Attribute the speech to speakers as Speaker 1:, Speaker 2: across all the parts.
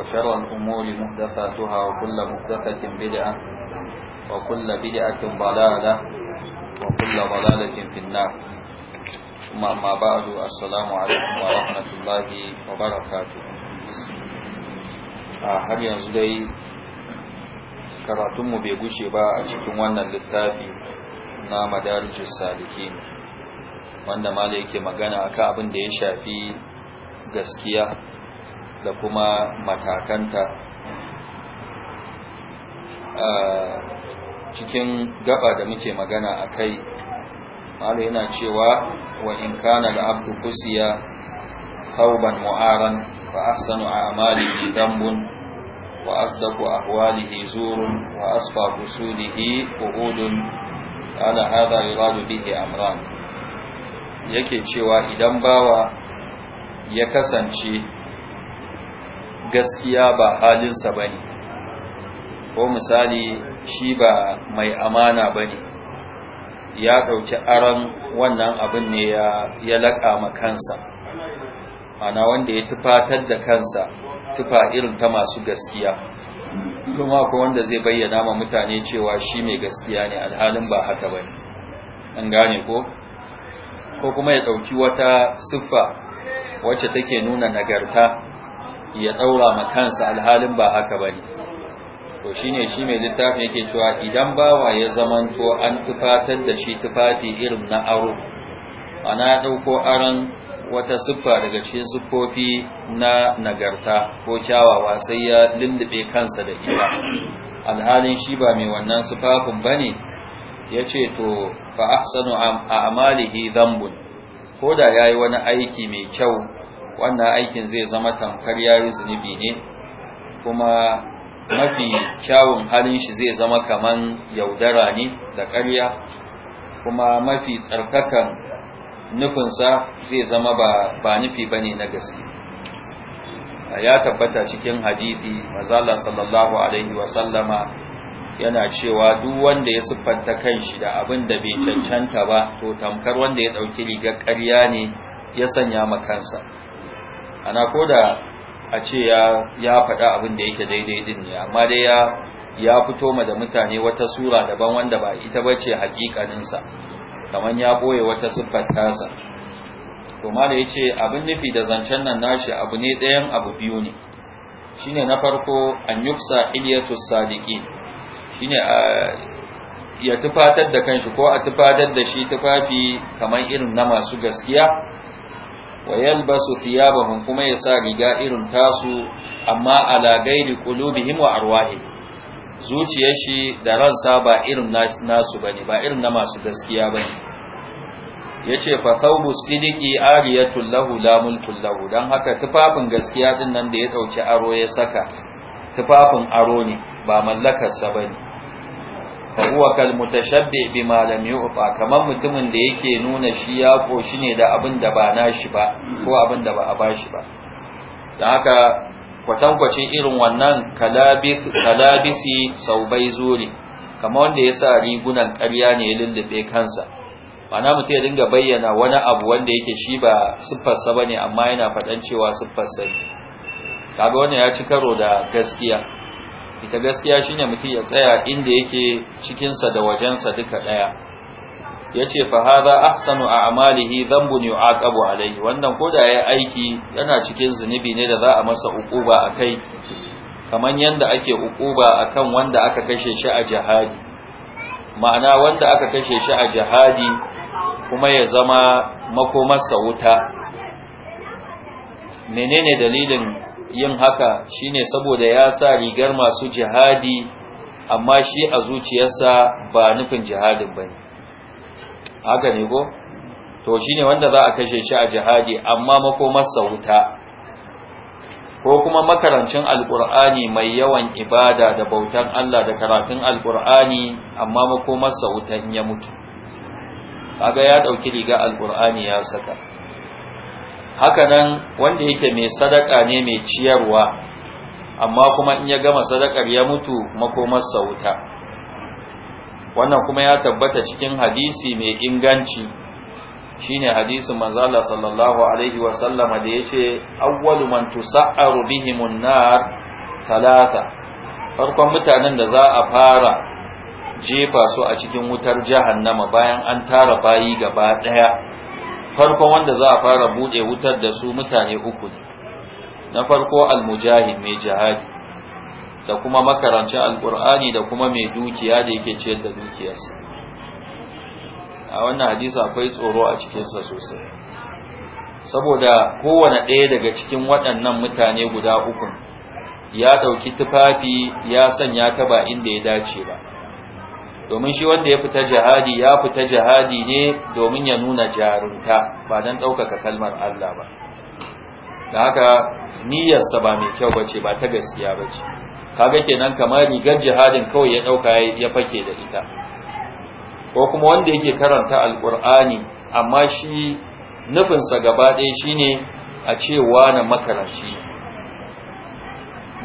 Speaker 1: وشر الأمور مهدساتها وكل مهدسة بدعة وكل بدعة ضلالة وكل ضلالة في النار ثم أما بعد السلام عليكم ورحمة الله وبركاته har yanzu dai karatunmu bai gushe ba a cikin wannan littafi na madarijin saliki wanda mala yake magana akan abin da ya shafi gaskiya da kuma matakanta a cikin gaba da muke magana a kai malu yana cewa wa in kana da abu kusiya tauban mu'aran fa amali a'malihi dambun wa asdaqu ahwalihi zurun wa asfa usulihi qu'udun ala hadha yuradu bihi amran yake cewa idan bawa ya kasance gaskiya ba halinsa ba ne ko misali shi ba mai amana ba ne ya ɗauki aron wannan abin ne ya laƙa kansa mana wanda ya tufatar da kansa tufa irin ta masu gaskiya kuma ko wanda zai bayyana ma mutane cewa shi mai gaskiya ne alhalin ba haka ba ne an gane ko ko kuma ya ɗauki wata siffa wacce take nuna nagarta ya daura ma kansa alhalin ba haka bane to shine shi mai littafin yake cewa idan bawa ya zamanto an tufatar da shi tufafi irin na aro ana dauko aran wata siffa daga cikin siffofi na nagarta ko kyawawa sai ya lullube kansa da ita alhalin shi ba mai wannan sifafin bane yace to fa ahsanu a'malihi dhanbun ko da yayi wani aiki mai kyau wannan aikin zai zama tamkar yi zunubi ne kuma mafi kyawun halin shi zai zama kaman yaudara ne da ƙarya kuma mafi tsarkakan nufinsa zai zama ba nufi ba ne na gaske ya tabbata cikin hadithi mazala sallallahu alaihi wasallama yana cewa duk wanda ya siffanta kanshi da abin da bai cancanta ba to tamkar wanda ya ɗauki rigar ƙarya ne ya sanya makansa ana ko da a ce ya faɗa abin da yake daidai din ne amma dai ya fito ma da mutane wata sura daban wanda ba ita ba ce hakikaninsa kamar ya ɓoye wata siffar tasa to ya ce abin nufi da zancen nan nashi abu ne ɗayan abu biyu ne ne na farko an yuksa iliyatus sadiki ne ya tufatar da kanshi ko a tufatar da shi tufafi kamar irin na masu gaskiya wa yalbasu thiyabahum kuma ya sa riga irin tasu amma ala gairi qulubihim wa arwahihim zuciyar shi da ransa ba irin nasu bane ba irin na masu gaskiya bane yace fa thawbu sidiqi ariyatul lahu la mulkul lahu dan haka tufafin gaskiya din nan da ya dauki aro ya saka tufafin aro ne ba mallakarsa bane فهو huwa بما لم bima lam mutumin da yake nuna shi ya koshi ne da abin da ba nashi ba ko abin da ba a bashi ba dan haka kwatankwacin irin wannan kalabisi saubai zuri kamar wanda ya sa rigunan ƙarya ne ya lullube kansa mana mutum ya dinga bayyana wani abu wanda yake shi ba siffarsa ba bane amma yana faɗan cewa sa ne kaga wannan ya ci karo da gaskiya ita gaskiya shine mutum ya tsaya inda yake cikinsa da wajensa duka ɗaya ya ce fa haza ahsanu a amalihi zambun yu'aqabu alaihi wannan ko da ya aiki yana cikin zunubi ne da za a masa uquba a kai kamar yadda ake uquba akan wanda aka kashe shi a jihadi ma'ana wanda aka kashe shi a jihadi kuma ya zama makomarsa wuta menene dalilin yin haka shine saboda ya sa rigar masu jihadi amma shi a zuciyarsa ba nufin jihadin bane haka ne ko to shine wanda za a kashe shi a jihadi amma makomarsa wuta ko kuma makarancin alkur'ani mai yawan ibada da bautan Allah da karatun alkur'ani amma makomarsa wuta in ya mutu kaga ya ɗauki riga alkur'ani ya saka hakanan wanda yake mai sadaka ne mai ciyarwa amma kuma in ya gama sadakar ya mutu makomarsa wuta wannan kuma ya tabbata cikin hadisi mai inganci shine hadisin manzo sallallahu alaihi Wasallama da da yace awwalu man tusa'aru bihimun nar talata farkon mutanen da za a fara jefa su a cikin wutar jahannama bayan an tara bayi gaba ɗaya. farkon wanda za a fara buɗe wutar da su mutane uku ne na farko almujahid mai jihadi da kuma makarancin alkur'ani da kuma mai dukiya da yake ciyar da dukiyarsa a wannan hadisi akwai tsoro a cikinsa sosai saboda kowane ɗaya daga cikin waɗannan mutane guda ukun ya ɗauki tufafi ya sanya ta ba inda ya dace ba domin shi wanda ya fita jihadi ya fita jihadi ne domin ya nuna jarunta ba don ɗaukaka kalmar Allah ba da haka niyyarsa ba mai kyau bace ba ta gaskiya bace kaga kenan kamar rigar jihadin kawai ya ɗauka ya fake da ita ko kuma wanda yake karanta alƙur'ani amma shi nufinsa gaba ɗaya ne a ce na makaranci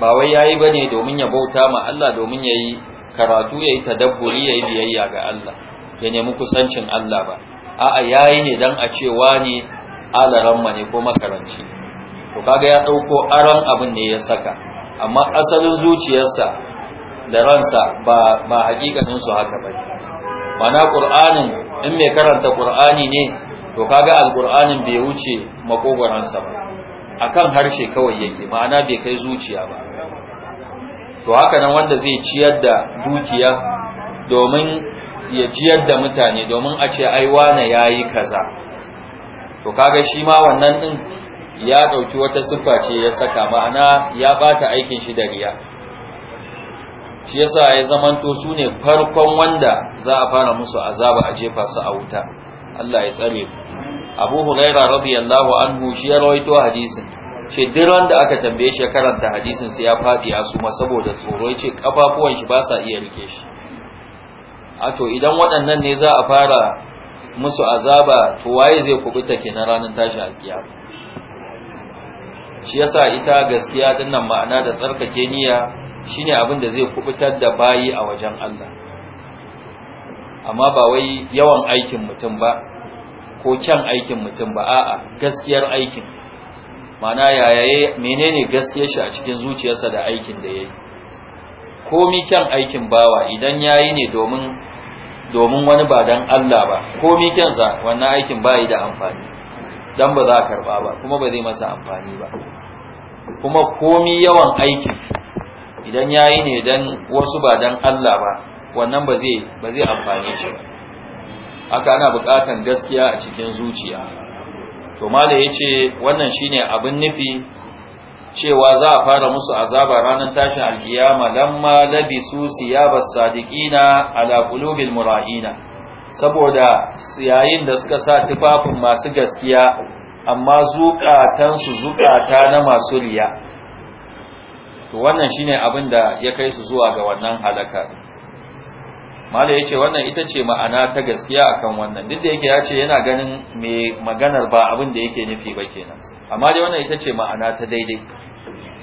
Speaker 1: ba wai yayi bane domin ya bauta ma Allah domin yayi karatu ya yayi tadabburi yi biyayya ga Allah ya nemi kusancin Allah ba a'a yayi ne dan a ce wani alaran ne ko makaranci to kaga ya ɗauko aron abin ne ya saka amma asalin zuciyarsa da ransa ba ba sun su haka ba mana qur'anin in mai karanta qur'ani ne to kaga alqur'anin bai wuce makogoransa ba akan harshe kawai yake ma'ana bai kai zuciya ba to haka nan wanda zai ciyar da dukiya domin ya ciyar da mutane domin a ce ai wane yayi kaza to kaga shi ma wannan din ya dauki wata siffa ce ya saka ma'ana ya bata aikin shi da riya shi yasa ya zamanto su ne farkon wanda za a fara musu azaba a jefa su a wuta Allah ya tsare Abu Hurairah radiyallahu anhu shi ya rawaito hadisin ce duk wanda aka tambaye shi karanta hadisin sai ya fadi ya suma saboda tsoro ce kafafuwan shi ba sa iya rike shi a to idan waɗannan ne za a fara musu azaba to waye zai kubuta na ranar tashi alkiya shi yasa ita gaskiya nan ma'ana da tsarkake niyya shine abin da zai kubutar da bayi a wajen Allah amma ba wai yawan aikin mutum ba ko kyan aikin mutum ba a'a gaskiyar aikin mana yayaye menene gaske shi a cikin zuciyarsa da aikin da ya yi komi kyan aikin bawa idan ya yi ne domin domin wani ba don Allah ba komi kyansa wannan aikin ba yi da amfani don ba za a karɓa ba kuma ba zai masa amfani ba kuma komi yawan aikin idan ya yi ne don wasu ba don Allah ba wannan ba zai amfani shi ba haka ana bukatan gaskiya a cikin zuciya to mala ya ce wannan shine abin nufi cewa za a fara musu azaba ranar tashin alkiyama lamma labisu siyabas sadiqina ala qulubil mura'ina saboda siyayin da suka sa tufafin masu gaskiya amma zukatansu zuƙata na masu riya to wannan shine abin da ya kai su zuwa ga wannan halaka mala ya ce wannan ita ce ma'ana ta gaskiya akan wannan duk da yake ya ce yana ganin mai maganar ba abin da yake nufi ba kenan amma dai wannan ita ce ma'ana ta daidai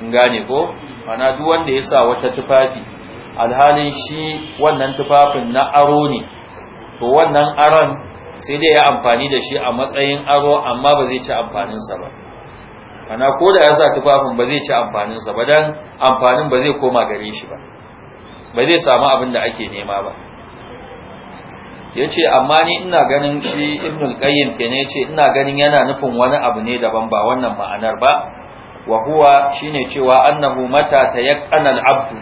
Speaker 1: in gane ko ma'ana duk wanda ya sa wata tufafi alhalin shi wannan tufafin na aro ne to wannan aron sai dai ya amfani da shi a matsayin aro amma ba zai ci amfaninsa ba ana ko da ya sa tufafin ba zai ci amfaninsa ba don amfanin ba zai koma gare shi ba ba zai samu abin da ake nema ba ya ce amma ni ina ganin shi ibnul qayyim kenan ya ce ina ganin yana nufin wani abu ne daban ba wannan ma'anar ba wa huwa shine cewa annahu mata tayaqqana al-abd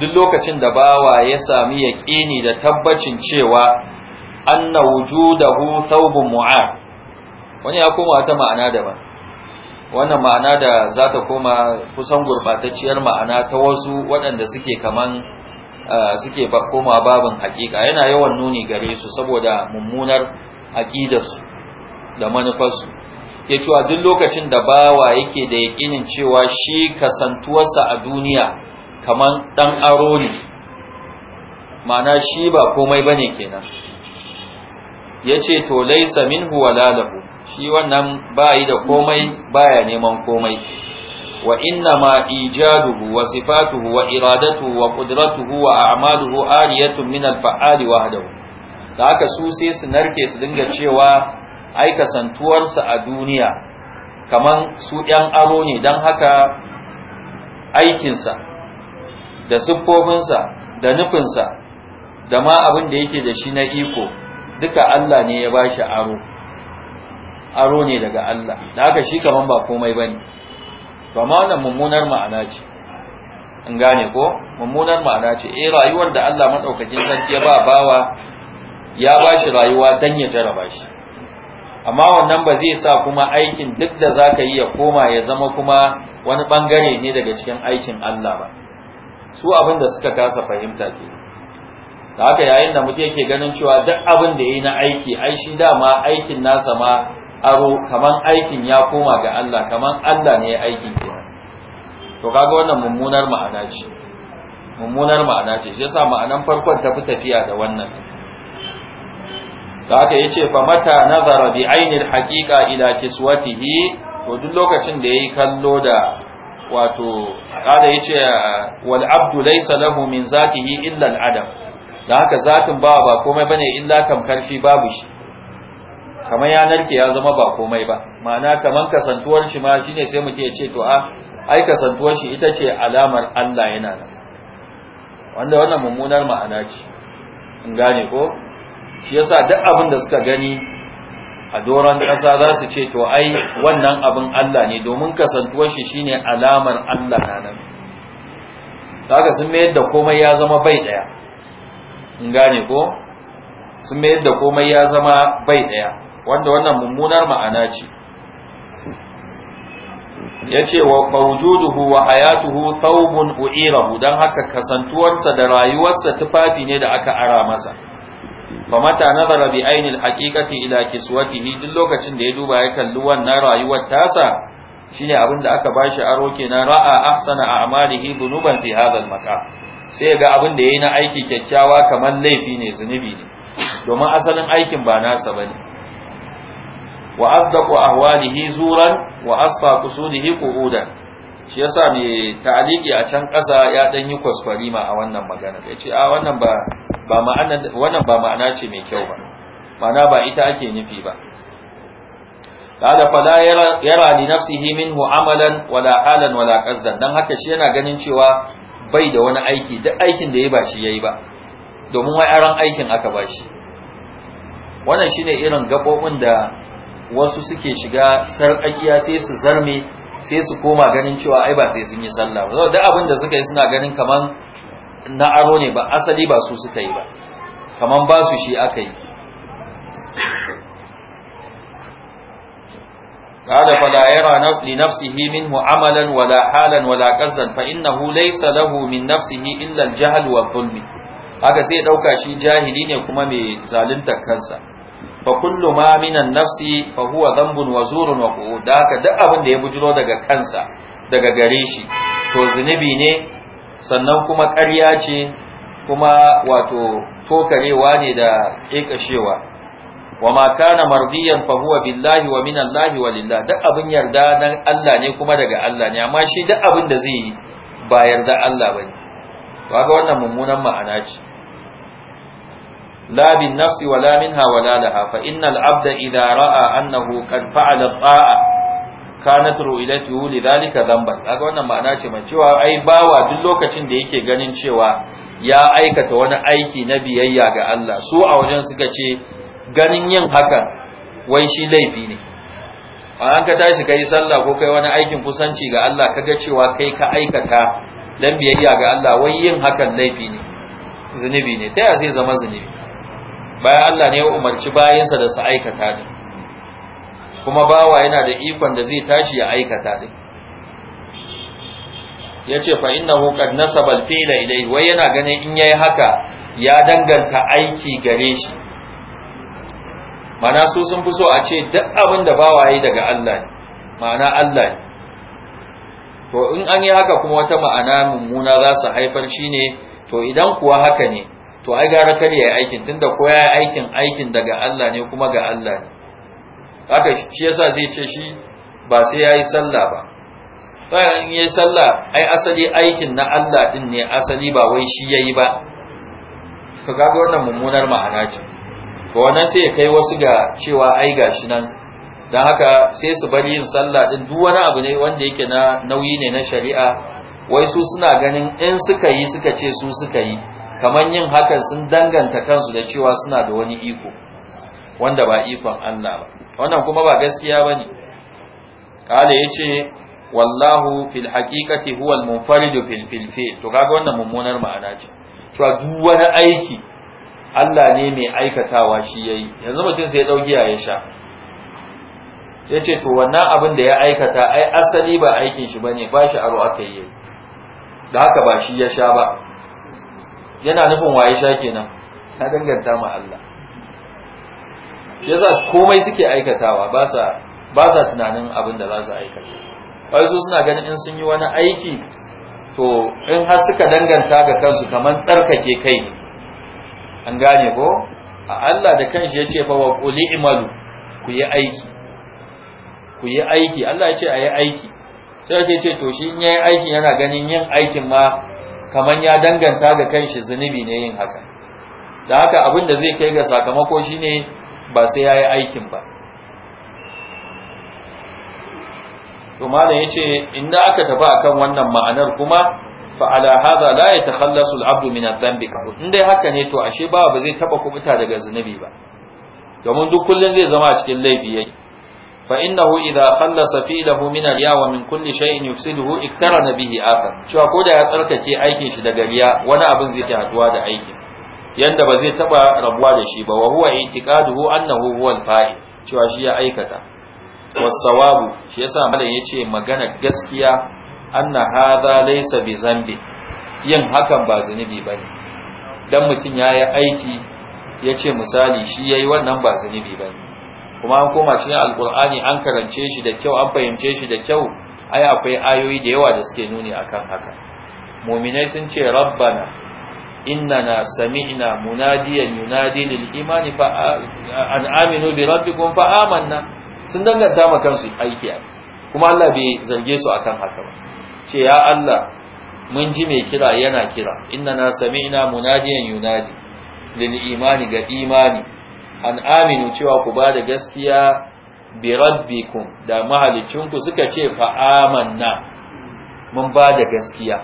Speaker 1: duk lokacin da bawa ya sami yaqini da tabbacin cewa anna wujudahu thawbun mu'ar wani ya koma wata ma'ana daban wannan ma'ana da za ta koma kusan gurbatacciyar ma'ana ta wasu waɗanda suke kaman Eh, suke koma babin hakika yana yawan nuni gare su saboda mummunar aqidarsu da manufarsu ya cewa duk lokacin da bawa yake da yaƙinin cewa shi kasantuwarsa a duniya kamar ɗan aro ne ma'ana shi ba komai ba ne kenan ya ce to laisa minhu wala lahu shi wannan ba yi da komai baya neman komai wa inna ma ijaduhu wa sifatuhu wa iradatuhu wa qudratuhu wa a'maluhu aliyatun min al-fa'ali wahdahu da haka su sai su narke su dinga cewa ai kasantuwarsu a duniya kaman su ɗan aro ne don haka aikinsa da siffofinsa da nufinsa da ma abin da yake da shi na iko duka Allah ne ya bashi aro aro ne daga Allah da haka shi kaman ba komai bane to amma mummunar ma'ana ce in gane ko mummunar ma'ana ce eh rayuwar da Allah madaukakin sarki ya ba bawa ya ba shi rayuwa dan ya jaraba shi amma wannan ba zai sa kuma aikin duk da zaka yi ya koma ya zama kuma wani bangare ne daga cikin aikin Allah ba su abin da suka kasa fahimta ke da haka yayin da mutum yake ganin cewa duk abin da yayi na aiki ai shi dama aikin nasa ma aro kaman aikin ya koma ga Allah kaman Allah ne ya aikin kenan to kaga wannan mummunar ma'ana ce mummunar ma'ana ce shi yasa ma'anan farkon tafi tafiya da wannan da haka yace fa mata nazara bi ainil haqiqa ila kiswatihi to duk lokacin da yayi kallo da wato kada yace wal abdu laysa lahu min zatihi illa al adam da haka zatin ba ba komai bane illa kam shi babu shi kamar ya narke ya zama ba komai ba ma'ana kamar kasantuwar shi ma shine sai mutum ya ce to a ah, ai kasantuwar shi ita ce alamar Allah yana nan wanda wannan mummunar ma'ana ce in gane ko shi yasa duk abin da suka gani a doron ƙasa za su ce to ai wannan abin Allah ne domin kasantuwar shi shine alamar Allah na nan kaga sun mayar da komai ya zama bai daya in gane ko sun mayar da komai ya zama bai daya wanda wannan mummunar ma'ana ce ya ce wa mawujuduhu wa hayatuhu thawbun u'irahu dan haka kasantuwarsa da rayuwarsa tufafi ne da aka ara masa fa mata nazara bi ainil alhaqiqati ila kiswatihi duk lokacin da ya duba ya kalli wannan rayuwar tasa shine abin da aka bashi aro kenan ra'a ahsana a'malihi dunuban fi hadha al sai ga abin da yayi na aiki kyakkyawa kamar laifi ne zunubi ne domin asalin aikin ba nasa bane wa asdaqu ahwalihi zuran wa asfa qusudihi shi yasa mai ta'aliki a can ƙasa ya dan yi kwaskwarima a wannan magana ce a wannan ba ba ma'ana wannan ba ma'ana ce mai kyau ba ma'ana ba ita ake nufi ba kada fala yara li nafsihi minhu amalan wala halan wala qasdan dan haka shi yana ganin cewa bai da wani aiki duk aikin da ya ba shi yayi ba domin wai aran aikin aka ba shi wannan shine irin gabobin da wasu suke shiga sarƙaƙiya sai su zarme sai su koma ganin cewa ai ba sai sun yi sallah ba duk abin da suka yi suna ganin kaman na aro ne ba asali ba su suka yi ba kaman ba su shi aka yi قال فلا يرى لنفسه منه عملا ولا حالا ولا قصدا فإنه ليس له من نفسه إلا الجهل والظلم haka sai dauka shi jahili ne kuma mai zalunta kansa fa kullu ma minan nafsi fa huwa dhanbun wa zurun wa haka duk abin da ya bujiro daga kansa daga gare shi to zunubi ne sannan kuma ƙarya ce kuma wato tokarewa ne da ƙeƙashewa wa ma kana mardiyan fa huwa billahi wa min Allah wa lillah duk abin yarda dan Allah ne kuma daga Allah ne amma shi duk abin da zai yi ba yarda Allah bane ga wannan mummunan ma'ana ce la bin nafsi wala minha wala laha fa innal abda idza ra'a annahu qad fa'ala ta'a kanat lidhalika dhanban kaga wannan ma'ana ce mai cewa ai bawa duk lokacin da yake ganin cewa ya aikata wani aiki na biyayya ga Allah su a wajen suka ce ganin yin hakan wai shi laifi ne an ka tashi kai sallah ko kai wani aikin kusanci ga Allah kaga cewa kai ka aikata dan biyayya ga Allah wai yin hakan laifi ne zunubi ne ta zai zama zunubi bayan Allah ne ya umarci bayansa da su aikata din kuma bawa yana da ikon da zai tashi ya aikata din yace fa innahu qad nasaba al-fi'la ilayhi wai yana ganin in yayi haka ya danganta aiki gare shi mana su sun fi so a ce duk abin da bawa yi daga Allah ne ma'ana Allah ne to in an yi haka kuma wata ma'ana mummuna za su haifar shine to idan kuwa haka ne to ai gara kare yayi aikin tunda ko yayi aikin aikin daga Allah ne kuma ga Allah ne haka shi yasa zai ce shi ba sai yayi sallah ba bayan yayi sallah ai asali aikin na Allah din ne asali ba wai shi yayi ba to ga wannan mummunar ma'ana ce ko wannan sai ya kai wasu ga cewa ai gashi nan don haka sai su bari yin sallah din duk wani abu ne wanda yake na nauyi ne na shari'a wai su suna ganin in suka yi suka ce su suka yi kamar yin hakan sun danganta kansu da cewa suna da wani iko wanda ba ikon Allah ba wannan kuma ba gaskiya bane kale yace wallahu fil haqiqati huwa al munfarid fil filfil to kaga wannan mummunar ma'ana ce cewa duk wani aiki Allah ne mai aikatawa shi yayi yanzu mutum sai ya dauki ya sha yace to wannan abin da ya aikata ai asali ba aikin shi bane ba shi aro aka yi da haka ba shi ya sha ba yana nufin waye sha kenan ta danganta ma Allah yasa komai suke aikatawa ba sa ba sa tunanin abin da za su aikata wai su suna ganin in sun yi wani aiki to in har suka danganta ga kansu kamar tsarkake kai ne an gane ko a Allah da kanshi ya fa wa quli imalu ku yi aiki ku yi aiki Allah ya ce a aiki sai yake ce to shi in yayi aiki yana ganin yin aikin ma kamar ya danganta da shi zunubi ne yin haka da haka abin da zai kai ga sakamako shine ba sai yi aikin ba to malam yace inda aka tafi akan wannan ma'anar kuma fa Haza hadha la yatakhallasu al-abdu min adh-dhanbi in dai haka ne to ashe ba ba zai taba kubuta daga zunubi ba domin duk kullum zai zama a cikin laifi yake fa innahu idza khallasa fi'lahu min al-ya wa min kulli shay'in yufsiduhu iktarana bihi akan. cewa ko da ya tsarkace aikin shi daga riya wani abin zai ta haduwa da aikin yanda ba zai taba rabuwa da shi ba wa huwa i'tiqaduhu annahu huwa al fa'i. cewa shi ya aikata was-sawabu shi yasa malam yace magana gaskiya anna hadha laysa bi zambi yin hakan ba zunubi bane dan mutun yayi aiki yace misali shi yayi wannan ba zunubi bane kuma an koma cikin alkur'ani an karance shi da kyau an fahimce shi da kyau ai akwai ayoyi da yawa da suke nuni akan haka mu'minai sun ce rabbana innana sami'na munadiyan yunadi lil imani fa an aminu bi rabbikum fa amanna sun danganta ma kansu aiki kuma Allah bai zarge su akan haka ba ce ya Allah mun ji mai kira yana kira innana sami'na munadiyan yunadi lil imani ga imani an aminu cewa ku ba da gaskiya bi rabbikum da mahalicinku suka ce fa amanna mun ba da gaskiya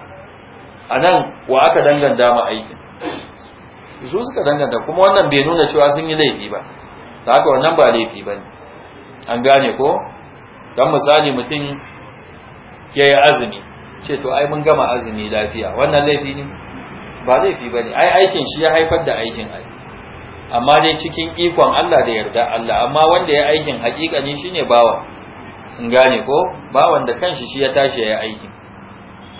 Speaker 1: anan wa aka danganta mu aikin su suka danganta kuma wannan bai nuna cewa sun yi laifi ba ta haka wannan ba laifi ba ne an gane ko don misali mutum ya yi azumi ce to ai mun gama azumi lafiya wannan laifi ne ba laifi ba ne ai aikin shi ya haifar da aikin ai amma dai cikin ikon Allah da yarda Allah amma wanda ya aikin hakikani shine bawa in gane ko bawan da kanshi shi ya tashi ya aiki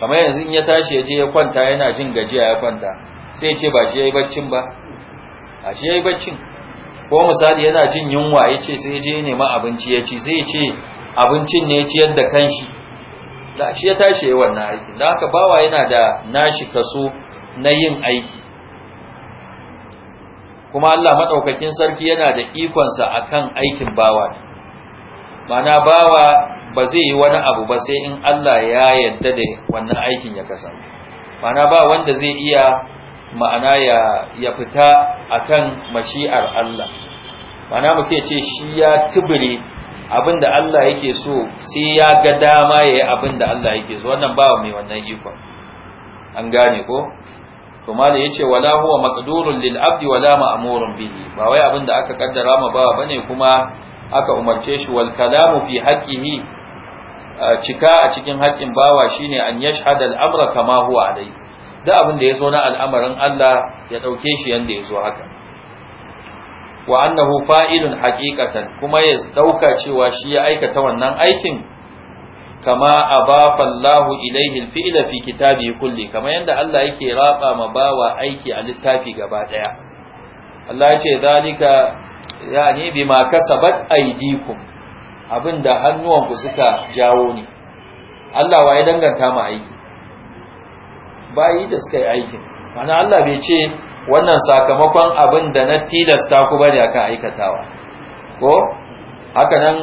Speaker 1: kamar yanzu in ya tashi ya je ya kwanta yana jin gajiya ya kwanta sai ya ce ba shi yayi baccin ba a shi yayi baccin ko misali yana jin yunwa ya ce sai ya je nema abinci ya ci sai ya ce abincin ne ya ci yadda kanshi da shi ya tashi yi wannan aikin da haka bawa yana da nashi kaso na yin aiki kuma Allah madaukakin sarki yana da ikonsa akan aikin bawa mana bawa ba zai yi wani abu ba sai in Allah ya yarda da wannan aikin ya kasance mana ba wanda zai iya ma'ana ya ya fita akan mashi'ar Allah mana muke ce shi ya tubure abinda Allah yake so sai ya ga dama yayi abinda Allah yake so wannan bawa mai wannan ikon an gane ko to ya yace wala huwa maqdurun lil abdi wala ma'murun bihi ba wai abin da aka kaddara ma ba bane kuma aka umarce shi wal kalamu fi haqqihi cika a cikin haƙƙin bawa shine an yashhada al-amra kama huwa alai da abin da yazo na al'amarin Allah ya dauke shi yanda yazo haka wa annahu fa'ilun haqiqatan kuma ya dauka cewa shi ya aikata wannan aikin kama abafa Allah ilaihi alfi'la fi kitabi kulli kama yanda Allah yake raba ma bawa aiki a littafi gaba daya Allah ya ce zalika yani bima kasabat aydikum abinda hannuwanku suka jawo ne Allah waye danganta ma aiki bayi da suka yi aikin mana Allah bai ce wannan sakamakon abin da na tilasta ku bane akan aikatawa ko haka nan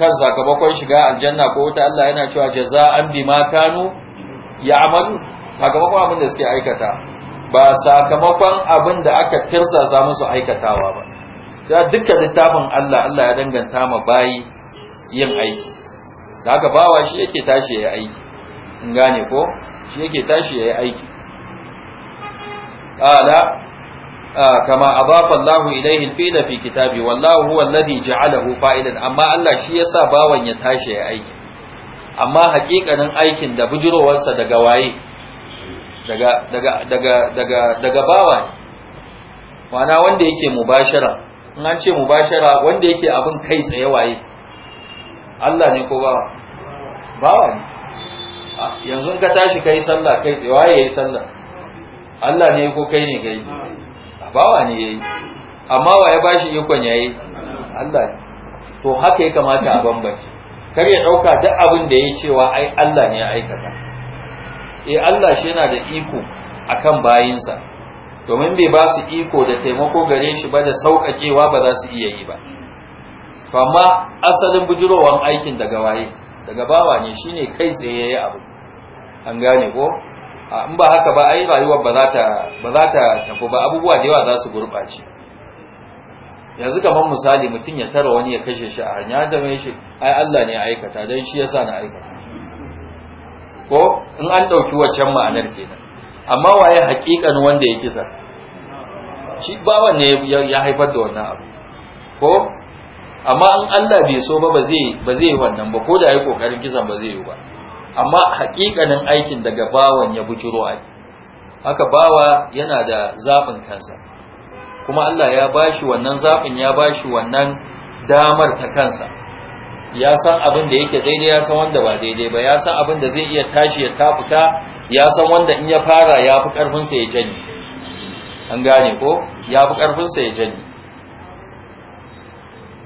Speaker 1: kan sakamakon shiga aljanna ko wuta Allah yana cewa jaza'an bima kanu ya'malu sakamakon abin da suke aikata ba sakamakon abin da aka sa musu aikatawa ba sai dukkan littafin Allah Allah ya danganta ma bayi yin aiki da haka bawa shi yake tashi yayi aiki in gane ko shi yake tashi yayi aiki qala kama adafa Allahu idan fila fi kitabi wallahu huwa alladhi ja'alahu fa'ilan amma Allah shi yasa bawan ya tashi ya aiki amma hakikanin aikin da bujirowarsa daga waye daga daga daga daga daga bawa wana wanda yake in an ce mubashara wanda yake abin kai tsaye waye Allah ne ko bawa bawa ne yanzu ka tashi kai sallah kai tsaye waye yayi sallah Allah ne ko kai ne kai bawa ne yayi amma wa ya bashi ikon yayi Allah ne to haka ya kamata a bambance kar ya ɗauka duk abin da ya cewa ai Allah ne ya aikata eh Allah shi yana da iko akan bayinsa domin bai ba su iko da taimako gare shi ba da sauƙaƙewa ba za su iya yi ba to amma asalin bujirowan aikin daga waye daga bawa ne shine kai tsaye yayi abu an gane ko in ba haka ba ai rayuwar ba za ta ba za ta tafi ba abubuwa da yawa za su gurɓace yanzu kamar misali mutum ya tara wani ya kashe shi a hanya da mai shi ai Allah ne ya aikata dan shi yasa na aikata ko in an dauki waccan ma'anar kenan amma waye haƙiƙan wanda ya kisa shi ba ne ya haifar da wannan abu ko amma in Allah bai so ba ba zai ba zai wannan ba ko da yi kokarin kisan ba zai yi ba amma haƙiƙanin aikin daga bawan ya bujiro ai haka bawa yana da zafin kansa kuma Allah ya bashi wannan zafin ya bashi wannan damar ta kansa ya san abin da yake daidai ya san wanda ba daidai ba ya san abin da zai iya tashi ya tafuta ya san wanda in ya fara ya fi ƙarfinsa ya janye an gane ko ya fi ƙarfinsa ya janye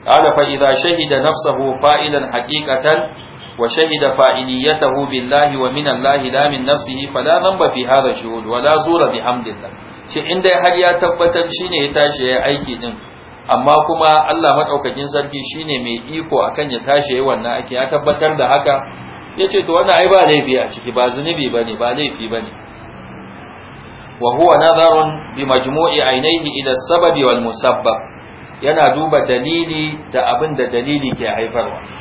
Speaker 1: قال فإذا شهد نفسه فائلا حقيقة وشهد فاعليته بالله ومن الله لا من نفسه فلا ذنب في هذا الشهود ولا زور بحمد الله shi in dai har ya tabbatar shine ya tashi ya aiki din amma kuma Allah madaukakin sarki shine mai iko akan ya tashi ya wannan aiki ya tabbatar da haka yace to wannan ai ba laifi a ciki ba zunubi bane ba laifi bane wa huwa nazarun bi majmu'i ainihi ila sababi wal musabbab yana duba dalili da abin da dalili ke haifarwa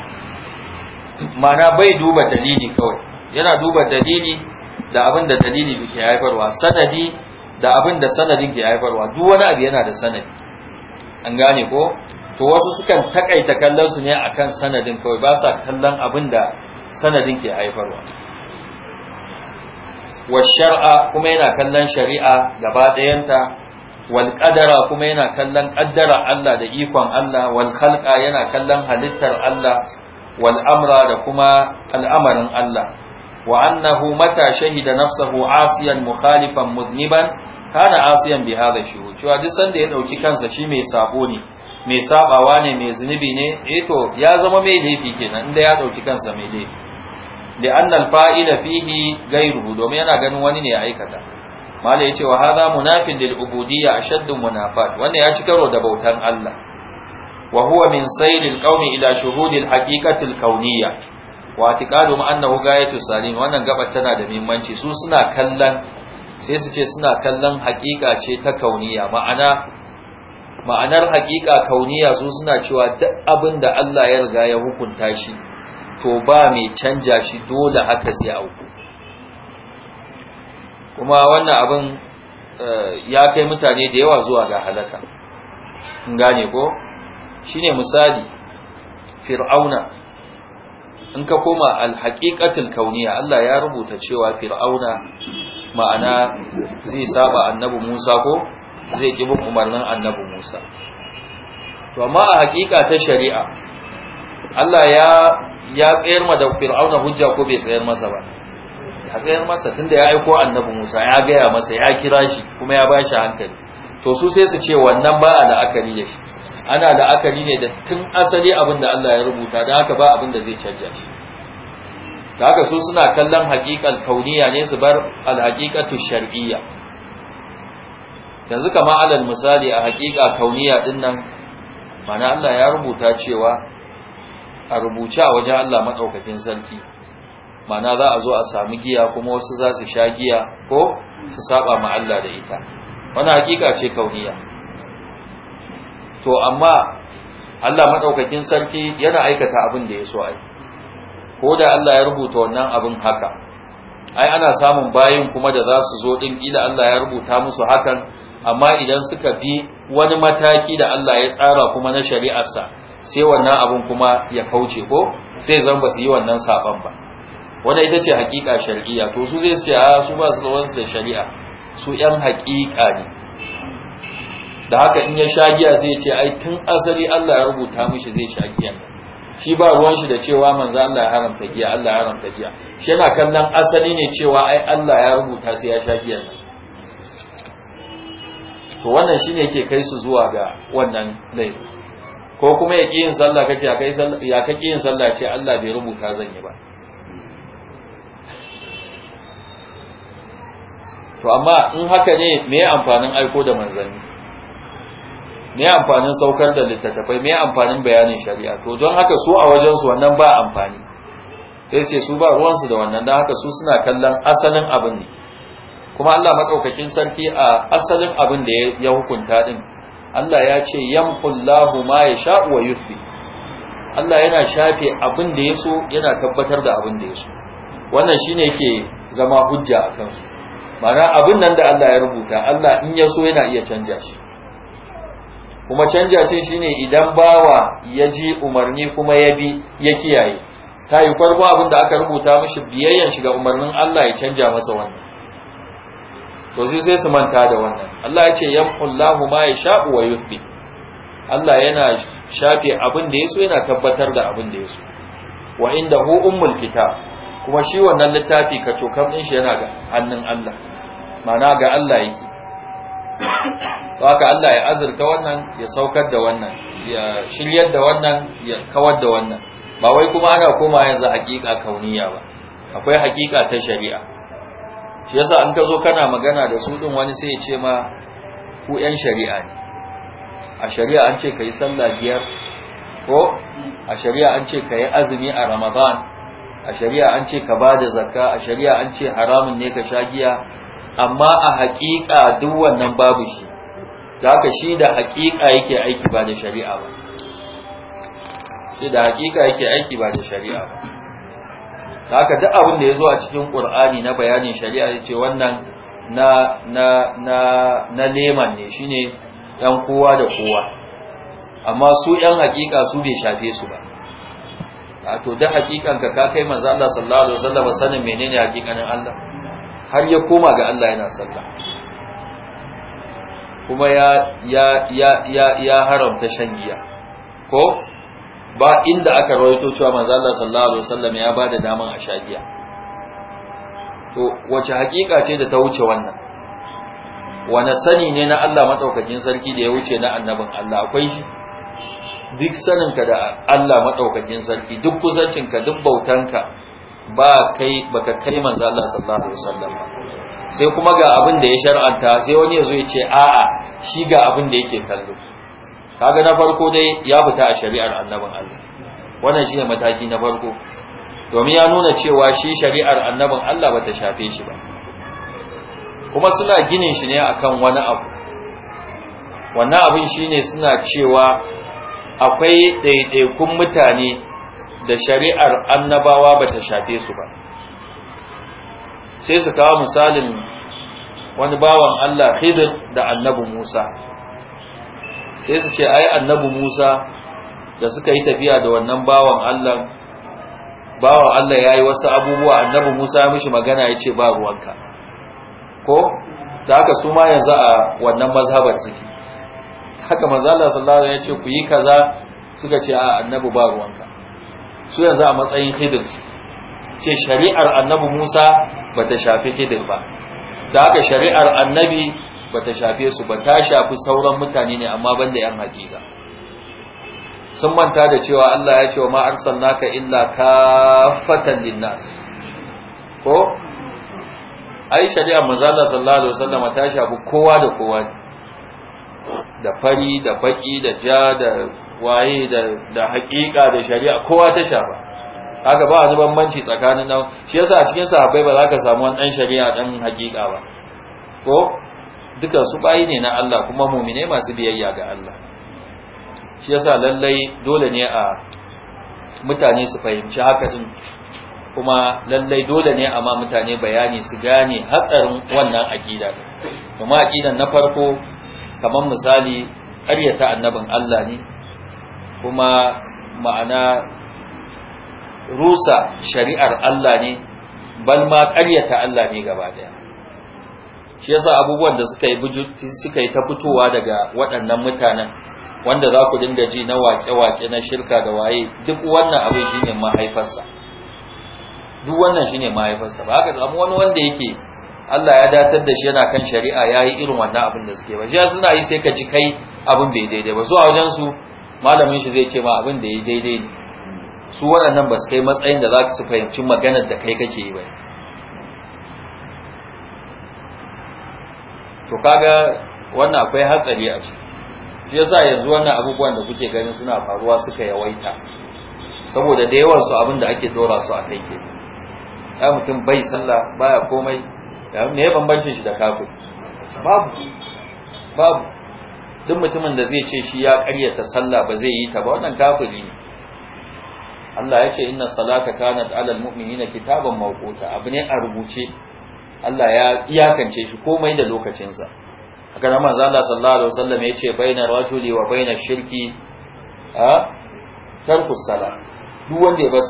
Speaker 1: Ma'ana bai duba dalili kawai yana duba dalili da abin da dalili ke haifarwa sanadi da abin da sanadin ke haifarwa duk wani abu yana da sanadi an gane ko to wasu sukan takaita kallon su ne akan sanadin kawai ba sa kallon abin da sanadin ke haifarwa wa shar'a kuma yana kallon shari'a gaba ɗayanta
Speaker 2: wal qadara kuma yana kallon qaddara Allah da ikon Allah wal khalqa yana kallon halittar Allah
Speaker 1: Wal'amra da kuma al'amarin Allah wa annahu mata shahida nafsahu asiyan mukhalifan mudniban kana asiyan bi hadha cewa duk sanda ya dauki kansa shi mai sabo ne mai sabawa ne mai zunubi ne eh to ya zama mai laifi kenan inda ya dauki kansa mai laifi da annal fa'ila fihi gairuhu domin yana ganin wani ne ya aikata mala yace wa hadha munafin lil ubudiyya ashaddu munafat wanda ya ci karo da bautan Allah wa من min القوم الى ila الحقيقه الكونيه kauniyya ما انه غايه gayatu wannan gabar tana da muhimmanci su suna kallon sai su ce suna kallon haqiqa ce ta kauniya ma'ana ma'anar haqiqa kauniya su suna cewa duk abin da Allah ya riga ya hukunta shi to ba mai canja shi dole haka sai auku kuma wannan abin eh, ya kai mutane da yawa zuwa ga halaka gane ko shine misali fir'auna in ka koma alhaqiqatul kauniya Allah ya rubuta cewa fir'auna ma'ana zai saba annabi Musa ko zai ki bin umarnin annabi Musa to amma a haƙiƙa ta shari'a Allah ya ya tsayar ma da fir'auna hujja ko bai tsayar masa ba ya tsayar masa tunda ya aiko annabi Musa ya gaya masa ya kira shi kuma ya ba shi hankali to su sai su ce wannan ba a la'akari da shi ana la'akari ne da tun asali abin da Allah ya rubuta don haka ba abin da zai canja shi da haka su suna kallon haƙiƙar kauniya ne su bar alhaƙiƙatu shar'iyya yanzu kama alal misali a haƙiƙa kauniya ɗin nan mana Allah ya rubuta cewa a rubuce a wajen Allah maɗaukakin sarki mana za a zo a sami giya kuma wasu za su sha giya ko su saba ma Allah da ita wani haƙiƙa ce kauniya to amma Allah madaukakin sarki yana aikata abin da ya so ai ko da Allah ya rubuta wannan abin haka ai ana samun bayin kuma da za su zo din ila Allah ya rubuta musu hakan amma idan suka bi wani mataki da Allah ya tsara kuma na shari'arsa sai wannan abin kuma ya kauce ko sai zan ba su yi wannan saban ba wannan ita ce hakika shari'a to su zai ce a ah, su ba su da shari'a su yan hakika ne da haka in ya sha giya zai ce ai tun asali Allah ya rubuta mishi zai sha giya shi ba ruwan shi da cewa manzo Allah ya haramta giya Allah ya haramta giya shi yana kallon asali ne cewa ai Allah ya rubuta sai ya sha giya to wannan shine yake kai su zuwa ga wannan dai ko kuma ya ƙi yin sallah kace ya kai ya ka ƙi yin sallah ce Allah bai rubuta zan yi ba to amma in haka ne me amfanin aiko da manzanni me amfanin saukar da littattafai me amfanin bayanin shari'a to don haka su a wajensu wannan ba amfani sai ce su ba ruwansu da wannan don haka su suna kallon asalin abin ne kuma Allah maɗaukakin sarki a asalin abin da ya hukunta ɗin Allah ya ce yamhullahu ma ya sha'u wa yufi Allah yana shafe abin da ya yana tabbatar da abin da ya wannan shine yake zama hujja a kansu Mana abin nan da Allah ya rubuta Allah in yaso yana iya canja shi kuma canja cin shine idan bawa ya ji umarni kuma ya bi ya kiyaye ta yi farko abin da aka rubuta mishi biyayyan shiga umarnin Allah ya canja masa wannan to sai sai su manta da wannan Allah ya ce yamhullahu ma sha'u wa yuthbi Allah yana shafe abin da yaso yana tabbatar da abin da yaso wa indahu ummul kitab kuma shi wannan littafi kacokam ɗin din shi yana ga hannun Allah ma'ana ga Allah yake haka Allah ya azurta wannan ya saukar da wannan ya shiryar da wannan ya kawar da wannan ba wai kuma ana koma yanzu hakika kauniya ba akwai hakika ta shari'a shi yasa an ka zo kana magana da su din wani sai ya ce ma ku yan shari'a ne a shari'a an ce kai sallah biyar ko a shari'a an ce kai azumi a ramadan a shari'a an ce ka bada zakka a shari'a an ce haramun ne ka sha giya amma a haƙiƙa duk wannan babu shi da haka shi da haƙiƙa yake aiki ba da shari'a ba shi da haƙiƙa yake aiki ba da shari'a ba da haka duk abin da ya zo a cikin ƙur'ani na bayanin shari'a ya ce wannan na na na na neman ne shine ɗan kowa da kowa amma su ‘yan haƙiƙa su bai shafe su ba a to da haƙiƙanka ka kai manzo Allah sallallahu alaihi wasallam sanin menene haƙiƙanin Allah har ya koma ga Allah yana sallah kuma ya ya ya ya ya haramta shan giya ko ba inda aka rawaito cewa manzo Allah sallallahu alaihi wasallam ya bada daman a sha giya to wace hakika ce da ta wuce wannan wani sani ne na Allah madaukakin sarki da ya wuce na annabin Allah akwai shi duk saninka da Allah madaukakin sarki duk kusancinka duk bautanka ba kai baka kai manzo Allah sallallahu alaihi wasallam sai kuma ga abin da ya shar'anta sai wani yazo ya ce a'a shi ga abin da yake kallo kaga na farko dai ya fita a shari'ar annabin Allah wannan shine mataki na farko domin ya nuna cewa shi shari'ar annabin Allah bata shafe shi ba kuma suna ginin shi ne akan wani abu wannan abin shine suna cewa akwai ɗaiɗaikun mutane da shari'ar annabawa ba ta shafe su ba sai su kawo misalin wani bawan Allah hidin da annabi Musa sai su ce ai annabi Musa da suka yi tafiya da wannan bawan Allah bawan Allah ya yi wasu abubuwa annabi Musa ya mishi magana ya ce ba ruwanka ko da haka su ma yanzu a wannan mazhabar ciki haka manzala sallallahu alaihi ya ce ku yi kaza suka ce a annabi ba ruwanka su yanzu a matsayin hidir ce shari'ar annabi musa ba ta shafi hidir ba da haka shari'ar annabi ba ta shafe su ba ta shafi sauran mutane ne amma ban da yan hakika sun manta da cewa allah ya ce wa ma ka illa kafatan linnas ko ai shari'ar mazala sallallahu alaihi wasallam ta shafi kowa da kowa da fari da baki da ja da waye da da haƙiƙa da shari'a kowa ta shafa haka ba wani bambanci tsakanin nan shi yasa a cikin sahabbai ba za ka samu wani dan shari'a dan haƙiƙa ba ko dukan su bayi ne na Allah kuma mu'mine masu biyayya ga Allah shi yasa lallai dole ne a mutane su fahimci haka din kuma lallai dole ne ma mutane bayani su gane hatsarin wannan aƙida kuma aqidan na farko kamar misali ƙaryata annabin Allah ne kuma ma'ana rusa shari'ar Allah ne bal ma ƙaryata Allah ne gaba daya shi yasa abubuwan da suka yi suka yi ta fitowa daga waɗannan mutanen wanda za ku dinga ji na waƙe-waƙe na shirka da waye duk wannan abin shine mahaifarsa duk wannan shine mahaifarsa ba haka amma wani wanda yake Allah ya datar da shi yana kan shari'a yayi irin wannan abin da suke ba shi suna yi sai ka ji kai abin bai daidai ba zuwa wajen su malamin shi zai ce ma abin da ya daidai ne su waɗannan ba su kai matsayin da za su fahimci maganar da kai kake yi ba to kaga wannan akwai hatsari a ciki shi yasa yanzu wannan abubuwan da kuke ganin suna faruwa suka yawaita saboda da yawan su abin da ake dora su a kai ke ya mutum bai sallah baya komai me ya bambancin shi da kafin? babu babu duk mutumin da zai ce shi ya karyata sallah ba zai yi ta ba wannan kafiri ne Allah ya ce inna salata kanat ala almu'minina kitaban mawquta abu ne a rubuce Allah ya iyakance shi komai da lokacinsa haka nan manzo Allah sallallahu alaihi wasallam ya ce baina rajuli wa baina shirki a tarku sala duk wanda ya bar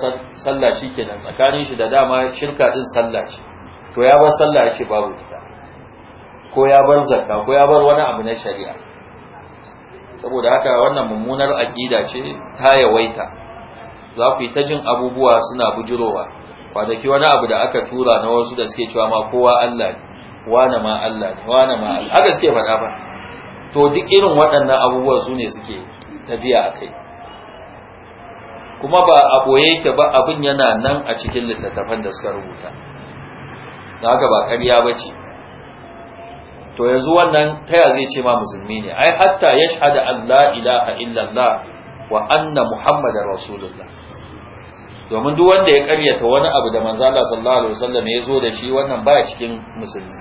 Speaker 1: sallah shikenan tsakanin shi da dama shirka din sallah ce to ya bar sallah ya ce babu ita ko ya bar zakka ko ya bar wani abu na shari'a saboda haka wannan mummunar aƙida ce ta yawaita za ku yi ta jin abubuwa suna bujirowa kwanaki wani abu da aka tura na wasu da suke cewa ma kowa Allah ne wane ma Allah ne wane ma Allah haka suke faɗa ba to duk irin waɗannan abubuwa su ne suke tafiya a kai kuma ba a ɓoye yake ba abin yana nan a cikin littattafan da suka rubuta da haka ba ƙarya ba ce to yanzu wannan taya zai ce ma musulmi ne ai hatta yashhadu an la ilaha illallah wa anna muhammadar rasulullah domin duk wanda ya karyata wani abu da manzo Allah sallallahu alaihi wasallam ya zo da shi wannan baya cikin musulmi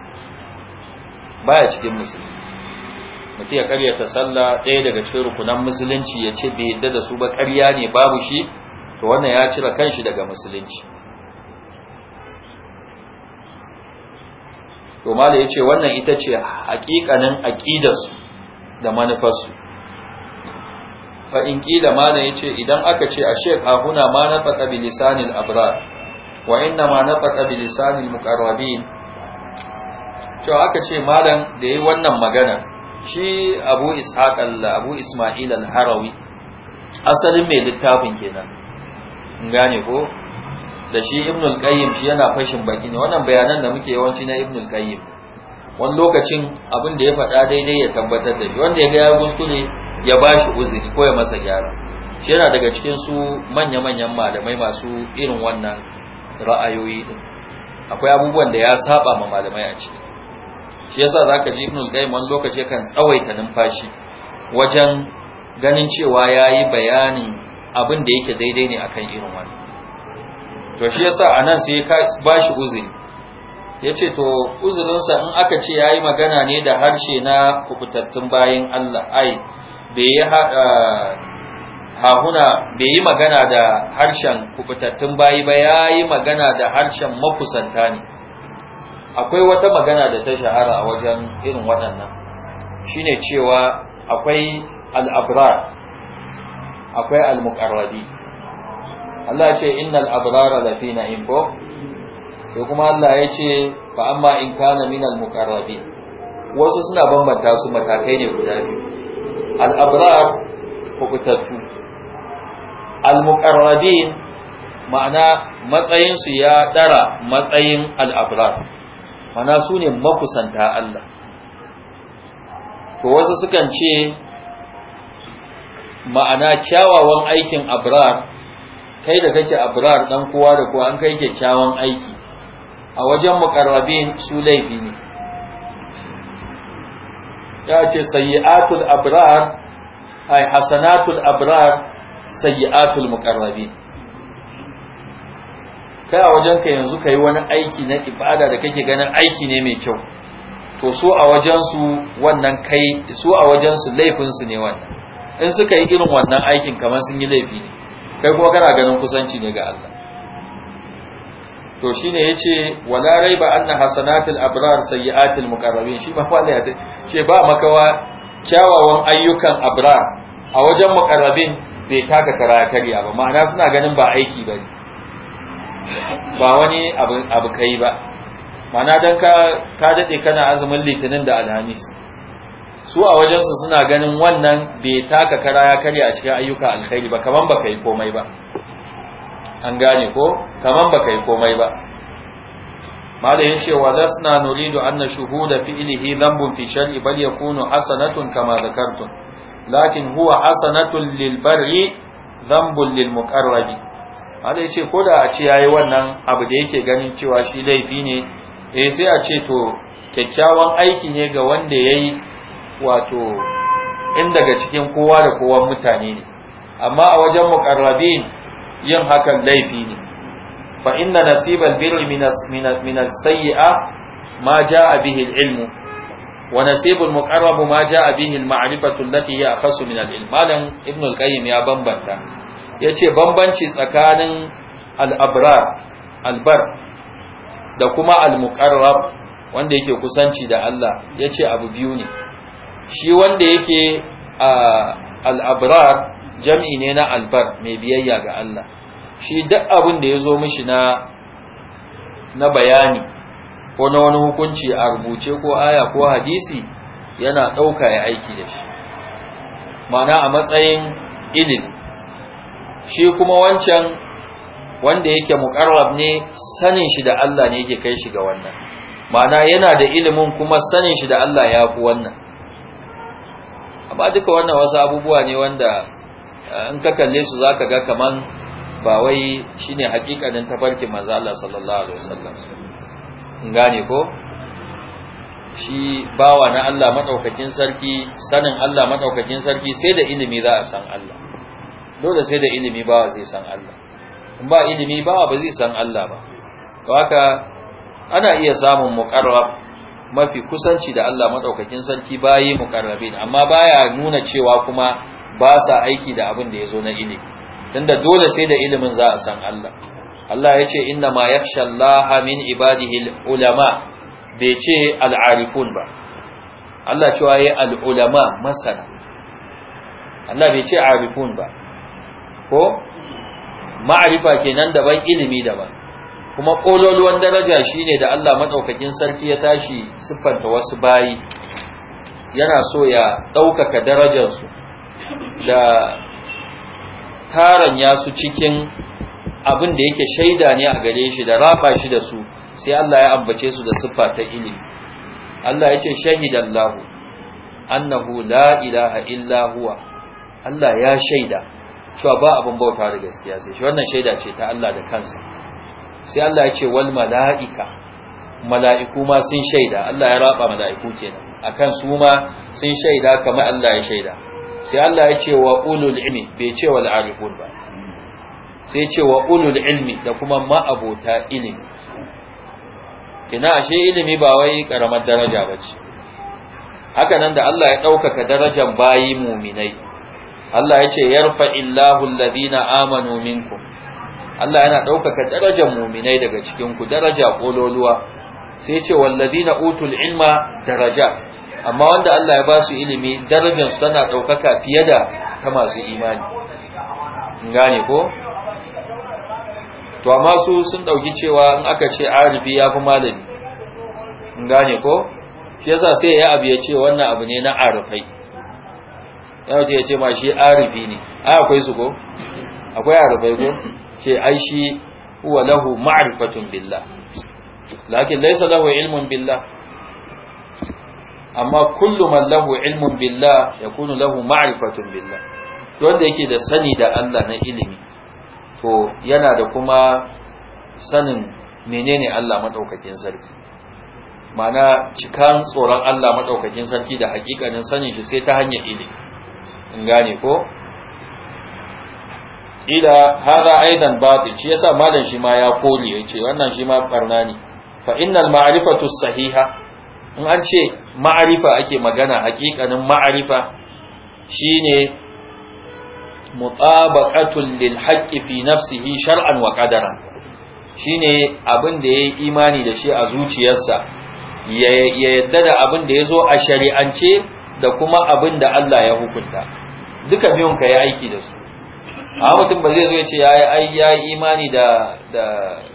Speaker 1: baya cikin musulmi Mace ya karyata sallah ɗaya daga cikin rukunan musulunci ya ce bai yadda da su ba ƙarya ne babu shi to wannan ya cire kanshi daga musulunci to mala ce wannan ita ce haƙiƙanin aqidarsu da manufarsu fa in qila ya ce idan aka ce a sheikh ahuna ma na bi lisanil abrar wa inna ma na bi lisanil muqarrabin to aka ce malam da yi wannan magana shi abu ishaq abu isma'il al harawi asalin mai littafin kenan gane ko da shi ibnul qayyim shi yana fashin baki ne wannan bayanan da muke yawanci na ibnul qayyim wani lokacin abin da ya faɗa daidai ya tabbatar da shi wanda ya ga ya kuskure ya ba shi uzuri ko ya masa gyara shi yana daga cikin su manya-manyan malamai masu irin wannan ra'ayoyi din akwai abubuwan da ya saba ma malamai a ciki shi yasa zaka ji ibnul qayyim wani lokaci kan tsawaita numfashi wajen ganin cewa yayi bayanin abin da yake daidai ne akan irin wannan to shi yasa anan sai ka bashi uzuri yace to uzurinsa in aka ce yayi magana ne da harshe na kukutattun bayin Allah ai bai yi ah, magana da harshen kubutattun bayi ba yayi magana da harshen makusanta ne akwai wata magana da ta shahara a wajen irin waɗannan shine cewa akwai al akwai al-muqarrabi Allah ce innal abrara lafi na'im ko sai kuma Allah ya ce fa amma in kana minal muqarrabin wasu suna bambanta su matakai ne guda biyu al abrar kubutattu al muqarrabin ma'ana matsayin su ya dara matsayin al abrar ma'ana su ne makusanta Allah to wasu sukan ce ma'ana kyawawan aikin abrar kai da kake abrar dan kowa da kowa an kai kyakkyawan aiki a wajen muqarrabin su laifi ne ya ce sayyi'atul abrar ay hasanatul abrar sayyi'atul muqarrabin kai a wajen ka yanzu kai wani aiki na ibada da kake ganin aiki ne mai kyau to su a wajen su wannan kai su a wajen su laifin su ne wannan in suka yi irin wannan aikin kamar sun yi laifi ne kai kuma kana ganin kusanci ne ga Allah to shine yace wala raiba anna hasanatil abrar sayyiatil muqarrabin shi ba wala ya ce ba makawa kyawawan ayyukan abrar a wajen muqarrabin bai taka kara karya ba ma'ana suna ganin ba aiki ba ba wani abu kai ba ma'ana dan ka ka dade kana azumin litinin da alhamis su a wajensu suna ganin wannan bai taka kara ya karya a cikin ayyuka alkhairi ba kaman baka yi komai ba an gane ko kaman baka yi komai ba mala ya wa lasna nuridu anna shuhuda fi'lihi dhanbun fi shar'i bal yakunu hasanatun kama zakartu lakin huwa hasanatun lil barri dhanbun lil muqarrabi mala ya ce ko da a ce yayi wannan abu da yake ganin cewa shi laifi ne eh sai a ce to kyakkyawan aiki ne ga wanda yayi wato in daga cikin kowa da kowa mutane ne amma a wajen muqarrabin yin hakan laifi ne fa inna nasibal birri min as-sayyi'a ma jaa bihi al-ilmu wa nasibul muqarrab ma jaa bihi al-ma'rifatu allati hiya akhasu min al-ilm malam ibn al-qayyim ya bambanta yace bambanci tsakanin al-abrar albar da kuma al-muqarrab wanda yake kusanci da Allah yace abu biyu ne shi wanda yake al'abrar jam'i ne na albar mai biyayya ga Allah shi duk abin da ya zo mishi na bayani ko na wani hukunci a rubuce ko aya ko hadisi yana ɗauka ya aiki da shi mana a matsayin ilimi shi kuma wancan wanda yake muƙarrab ne sanin shi da Allah ne yake kai shi ga wannan mana yana da ilimin kuma sanin shi da Allah ya fi wannan amma duka wannan wasu abubuwa ne wanda eh, in ka kalle su za ka ga kaman ba wai shi ne hakikanin tafarkin maza Allah sallallahu alaihi wasallam in gane ko shi bawa na Allah maɗaukakin sarki sanin Allah maɗaukakin sarki sai da ilimi za a san Allah dole sai da ilimi bawa zai san Allah in ba ilimi bawa ba zai san Allah ba to haka ana iya samun muqarrab mafi kusanci da Allah madaukakin sarki bayi mukarrabin amma baya nuna cewa kuma ba sa aiki da abin da yazo na ilimi tunda dole sai da ilimin za a san Allah Allah ya ce inna ma yakhsha Allah min ibadihi ulama bai ce al'arifun ba Allah cewa ya al'ulama masana Allah bai ce arifun ba ko ma'arifa kenan daban ilimi daban kuma ƙololuwan daraja shine da Allah maɗaukakin sarki ya tashi siffanta wasu bayi yana so ya ɗaukaka darajarsu da taranya su cikin abin da yake shaida ne a gare shi da raba shi da su sai Allah ya ambace su da siffa ta ilimi Allah ya ce shahidallahu annahu la ilaha illa huwa Allah ya shaida cewa ba abin bauta da gaskiya sai shi wannan shaida ce ta Allah da kansa sai Allah ya ce wal mala'ika mala'iku ma sun shaida Allah ya raba mala'iku kenan akan su ma sun shaida kamar Allah ya shaida sai Allah ya ce wa ulul ilmi bai ce wal arifun ba sai ce wa ulul ilmi da kuma ma'abota ilimi kina ashe ilimi ba wai karamar daraja bace haka nan da Allah ya ɗaukaka darajar bayi muminai Allah ya ce yarfa illahu alladhina amanu minkum Allah yana ɗaukaka darajar muminai daga cikin ku daraja kololuwa sai ce walladina utul ilma darajat amma wanda Allah ya ba su ilimi darajar su tana ɗaukaka fiye da ta masu imani gane ko to amma su sun dauki cewa in aka ce arifi fi malami gane ko shi yasa sai ya abu ya ce wannan abu ne na arifai ya ce ya ce ma shi arifi ne akwai su ko akwai arifai ko ce ai shi huwa lahu ma'rifatun billah lakin laysa lahu ilmun billah amma kullu man lahu ilmun billah yakunu lahu ma'rifatun billah wanda yake da sani da Allah na ilimi to yana da kuma sanin menene Allah madaukakin sarki mana cikan tsoron Allah madaukakin sarki da hakikanin sanin shi sai ta hanyar ilimi in gane ko ila hada aidan batil shi yasa malam shi ma ya kore yace wannan shi ma barna ne fa innal ma'rifatu sahiha in an ce ma'arifa ake magana hakikanin ma'arifa shine mutabaqatul lil haqqi fi nafsihi shar'an wa qadaran shine abin da yayi imani da shi a zuciyarsa ya yadda da abin da yazo a shari'ance da kuma abin da Allah ya hukunta duka biyun ka yi aiki da su a mutum ba zai zo ya ce ya yi imani da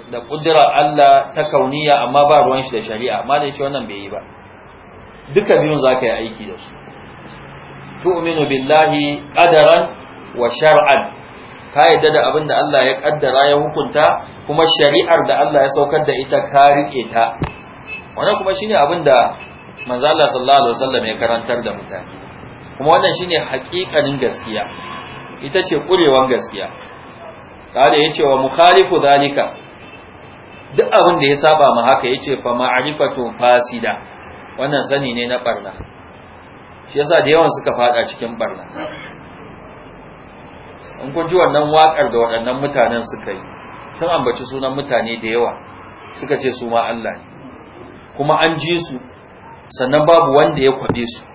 Speaker 1: da kudura Allah ta kauniya amma ba ruwan shi da shari'a amma da yace wannan bai yi ba duka biyun za ka yi aiki da su tu'minu billahi qadaran wa shar'an ka yadda da abin da Allah ya kaddara ya hukunta kuma shari'ar da Allah ya saukar da ita ka rike ta wannan kuma shine abin da manzo Allah sallallahu alaihi wasallam ya karantar da mutane kuma wannan shine haƙiƙanin gaskiya ita ce ƙurewan gaskiya kada ya ce wa mukhalifu zalika duk abin da ya saba ma haka ya ce fa ma'arifatu fasida wannan sani ne na barna shi yasa da yawan suka fada cikin barna in kun ji wannan wakar da waɗannan mutanen suka yi sun ambaci sunan mutane da yawa suka ce su ma Allah ne kuma an ji su sannan babu wanda ya kwabe su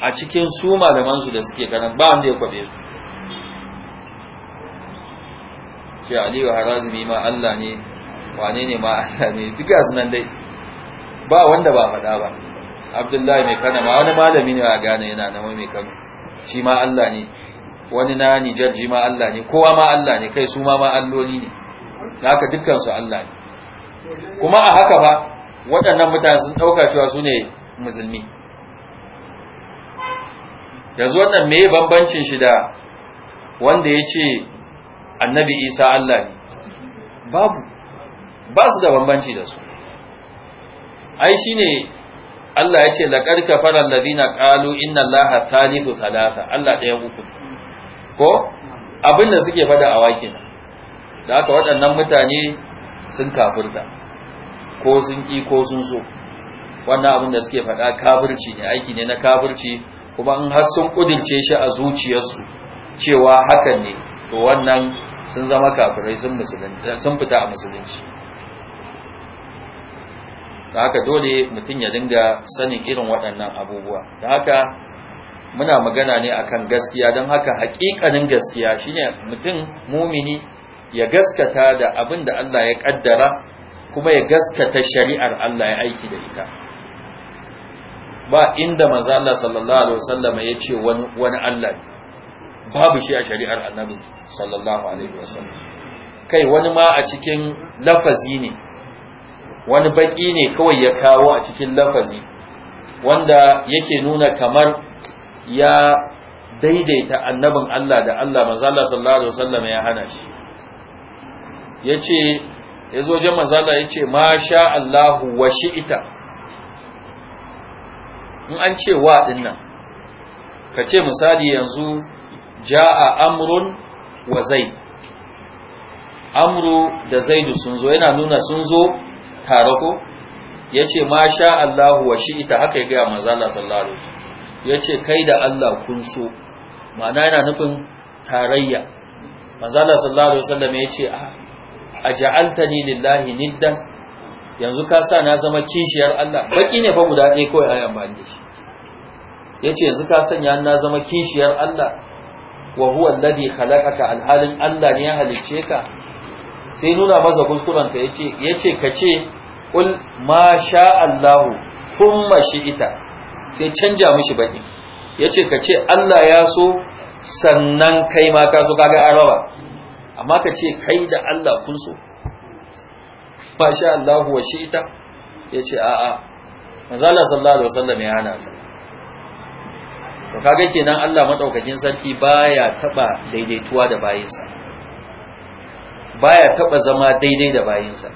Speaker 1: a cikin su malaman su da suke ganin ba wanda ya kwabe su shi aliyu harazumi ma Allah ne wane ne ma Allah ne duk yasu nan dai ba wanda ba faɗa ba abdullahi mai kana ma wani malami ne a gane yana nan mai kano shi ma Allah ne wani na nijar shi ma Allah ne kowa ma Allah ne kai su ma ma alloli ne haka su Allah ne kuma a haka ba waɗannan mutane sun ɗauka cewa su ne musulmi yanzu wannan me bambancin shi da wanda ya ce annabi isa Allah ne babu ba su da bambanci da su ai shi ne Allah ya ce laƙar kafarar ladina ƙalu inna Allah thalithu talata Allah ɗaya uku ko abin da suke fada a wake da haka waɗannan mutane sun kafurta ko sun ƙi ko sun so wannan abin da suke faɗa kafirci ne aiki ne na kafirci kuma in har sun kudince shi a zuciyarsu cewa haka ne to wannan sun zama kafirai sun fita a musulunci da haka dole mutum ya dinga sanin irin waɗannan abubuwa da haka muna magana ne akan gaskiya don haka haƙiƙanin gaskiya shine mutum mumini ya gaskata da abin da Allah ya ƙaddara kuma ya gaskata shari'ar Allah ya aiki da ita ba inda manzo Allah sallallahu alaihi wasallam ya ce wani Allah babu shi a shari'ar annabi sallallahu alaihi wasallam kai wani ma a cikin lafazi ne wani baki ne kawai ya kawo a cikin lafazi wanda yake nuna kamar ya daidaita annabin Allah da Allah manzo Allah sallallahu alaihi wasallam ya hana shi Ya ce yazo je manzo ya ce, ma sha Allahu wa shi'ita in an ce wa din nan ka ce misali yanzu ja a amrun wa zaid amru da zaidu sun zo yana nuna sun zo tare ko ya ce ma sha Allahu wa shi ita haka ya gaya manzo Allah sallallahu ya ce kai da Allah kun so ma'ana yana nufin tarayya manzo Allah sallallahu alaihi ya ce a ja'altani lillahi niddan yanzu ka sa na zama kishiyar Allah baki ne fa guda ɗaya kawai ayi amfani da shi yace yanzu ka sanya na zama kishiyar Allah wa huwa alladhi khalaqaka alhalin Allah ne ya halicce ka sai nuna masa kuskuren ka yace yace ce qul ma sha Allah thumma shi'ita sai canja mishi baki yace ce Allah ya so sannan kai ma ka so kaga araba amma ka ce kai da Allah kun so ma sha Allahu wa ce a a'a mazala sallallahu alaihi wasallam ya hana sa to kaga kenan Allah madaukakin sarki baya taba daidaituwa da bayinsa baya taba zama daidai da bayinsa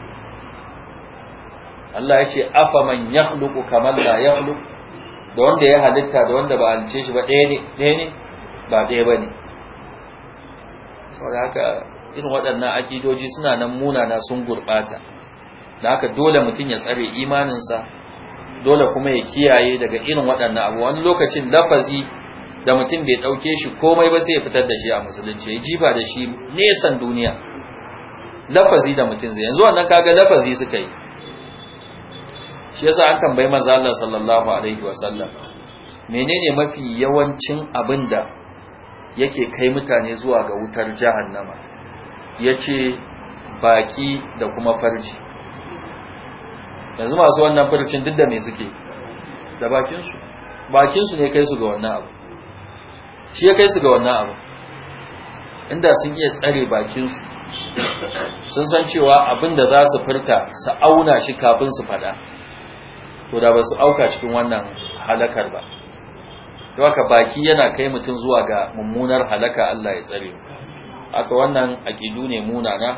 Speaker 1: Allah ya ce afa man yakhluqu kaman la yakhluq da wanda ya halitta da wanda ba halice shi ba ɗaya ne ɗaya ne ba ɗaya ne saboda haka irin waɗannan akidoji suna nan munana sun gurbata da haka dole mutum ya tsare imaninsa dole kuma ya kiyaye daga irin waɗannan abu wani lokacin lafazi da mutum bai ɗauke shi komai ba sai ya fitar da shi a musulunci ya jifa da shi nesan duniya lafazi da mutum zai yanzu wannan kaga lafazi suka yi shi yasa an tambayi manzo Allah sallallahu alaihi wasallam menene mafi yawancin abin da yake kai mutane zuwa ga wutar jahannama yace baki da kuma farji yanzu masu wannan farcin duk da me suke da bakinsu bakinsu ne kai su ga wannan abu shi ya kai su ga wannan abu inda sun iya tsare bakinsu sun san cewa abin da za su furta su auna shi kafin su faɗa to da ba su auka cikin wannan halakar ba to haka baki yana kai mutum zuwa ga mummunar halaka Allah ya tsare haka wannan aqidu ne munana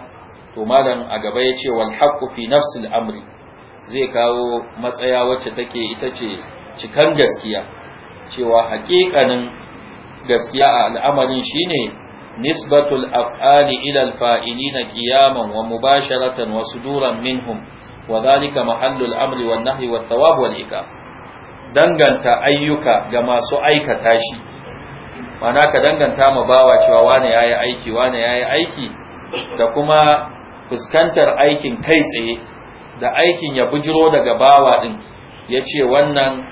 Speaker 1: to malam a gaba ya yace wal haqqu fi nafsil amri zai kawo matsaya wacce take ita ce cikan gaskiya cewa haƙiƙanin gaskiya a al'amarin shine nisbatul af'ali ila al-fa'ilina qiyaman wa mubasharatan wasu duran minhum wa dhalika mahallu amri wan nahyi wat thawab wal danganta ayyuka ga masu aikata shi mana ka danganta ma bawa cewa wane yayi aiki wane yayi aiki da kuma fuskantar aikin kai tsaye da aikin ya bujiro daga bawa din ya ce wannan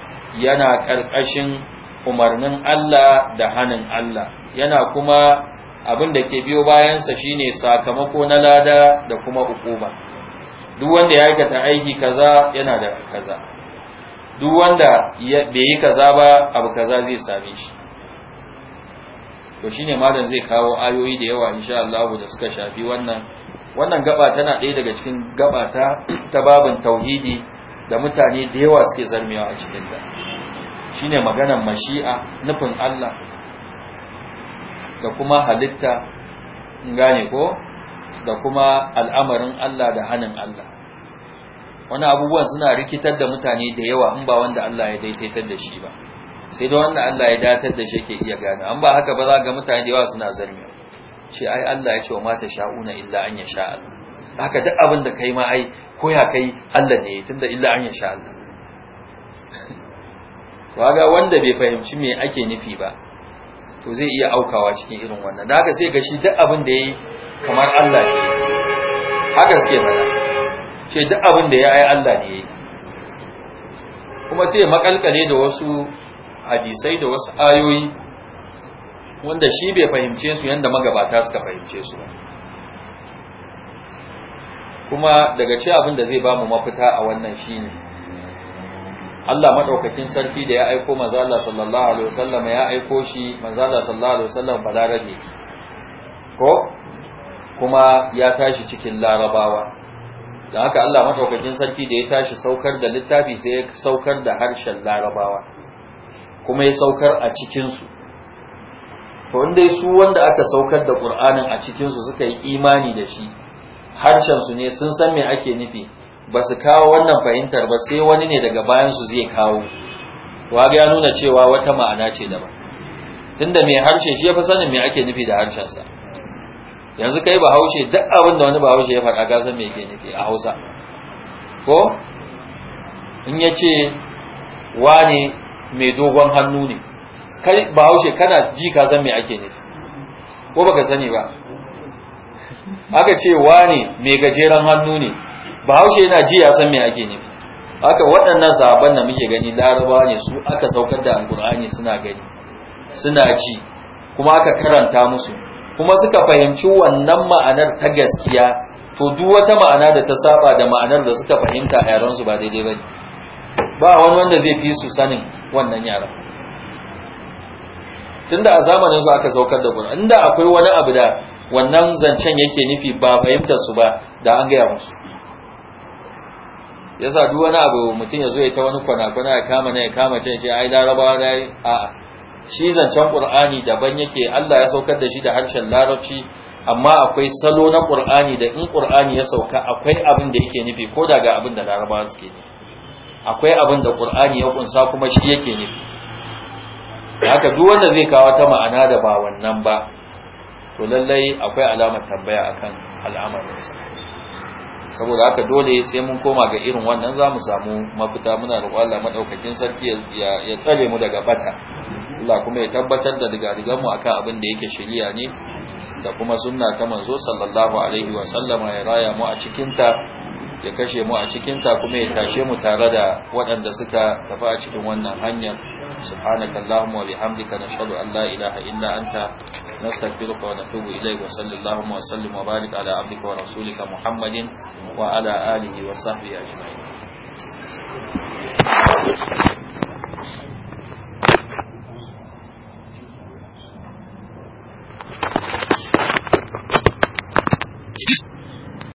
Speaker 1: yana ƙarƙashin umarnin Allah da hannun Allah yana kuma abin da ke biyo bayansa shine sakamako na lada da kuma hukuma duk wanda ya aikata aiki kaza yana da kaza duk wanda bai yi kaza ba abu kaza zai same shi to shine malam zai kawo ayoyi da yawa insha Allah da suka shafi wannan wannan gaba tana ɗaya daga cikin gaba ta ta babin tauhidi da mutane da yawa suke zarmewa a cikin shi shine maganar mashi'a nufin Allah da kuma halitta gane ko da kuma al'amarin Allah da hannun Allah wani abubuwan suna rikitar da mutane da yawa in ba wanda Allah ya daidaitar da shi ba sai da wanda Allah ya datar da shi ke iya gane an ba haka ba za ga mutane da yawa suna zarmewa shi ai Allah ya ce wa mata sha'una illa an ya sha Allah haka duk abin da kai ma ai ko ya kai Allah ne tunda illa an ya sha Allah waga wanda bai fahimci me ake nufi ba to zai iya aukawa cikin irin wannan da haka sai ga shi duk abin da yayi kamar Allah ne haka suke mana ce duk abin da ya yi Allah ne yayi kuma sai makalkale da wasu hadisai da wasu ayoyi wanda shi bai fahimce su yadda magabata suka fahimce su ba kuma daga ce abin da zai ba mu mafita a wannan shi ne. Allah madaukakin sarki da ya aiko manzo Allah sallallahu alaihi wasallam ya aiko shi manzo Allah sallallahu alaihi wasallam balarabe ko kuma ya tashi cikin larabawa don haka Allah madaukakin sarki da ya tashi saukar da littafi sai ya saukar da harshen larabawa kuma ya saukar a cikin su to in dai su wanda aka saukar da qur'anin a cikinsu suka yi imani da shi harshen su ne sun san me ake nufi ba su kawo wannan fahimtar ba sai wani ne daga bayan su zai kawo to ya nuna cewa wata ma'ana ce daban tunda mai harshe shi ya fi sanin me ake nufi da harshen sa yanzu kai bahaushe duk abin da wani bahaushe ya faɗa ka san me yake nufi a Hausa ko in yace wane mai dogon hannu ne kai bahaushe kana ji ka san me ake nufi ko baka sani ba aka ce wane mai gajeren hannu ne bahaushe yana ji ya san me ake nufi haka waɗannan sahabban da muke gani laraba ne su aka saukar da alkur'ani suna gani suna ji kuma aka karanta musu kuma suka fahimci wannan ma'anar ta gaskiya to duk wata ma'ana da ta saba da ma'anar da suka fahimta a yaran su ba daidai bane ba wani wanda zai fi su sanin wannan yaran tunda a zamanin su aka saukar da Qur'ani inda akwai wani abu da wannan zancen yake nufi ba fahimtar su ba da an gaya musu yasa duk wani abu mutum ya zo ya ta wani kwana-kwana ya kama na ya kama can ce ai larabawa da a'a shi zancen Qur'ani daban yake Allah ya saukar da shi da harshen larabci amma akwai salo na ƙur'ani da in ƙur'ani ya sauka akwai abin da yake nufi ko daga abin da larabawa suke nufi akwai abin da ƙur'ani ya kunsa kuma shi yake nufi
Speaker 2: haka duk wanda zai kawo
Speaker 1: ta ma'ana da ba wannan ba to lallai akwai alamar tambaya akan sa saboda haka dole sai mun koma ga irin wannan zamu samu mafita muna da Allah madaukakin sarki ya tsare mu daga bata Allah kuma ya tabbatar da riga-rigar mu akan abin da yake shari'a ne da kuma sunna ta manzo sallallahu alaihi wa sallama ya raya mu a cikin ta ya kashe mu a cikinta kuma ya tashe mu tare da waɗanda suka tafi a cikin wannan hanyar subhanaka allahumma wa bihamdika nashhadu an la ilaha illa anta nastaghfiruka wa natubu ilayk wa sallallahu wa sallim wa barik ala abdika wa rasulika muhammadin wa ala alihi wa sahbihi ajma'in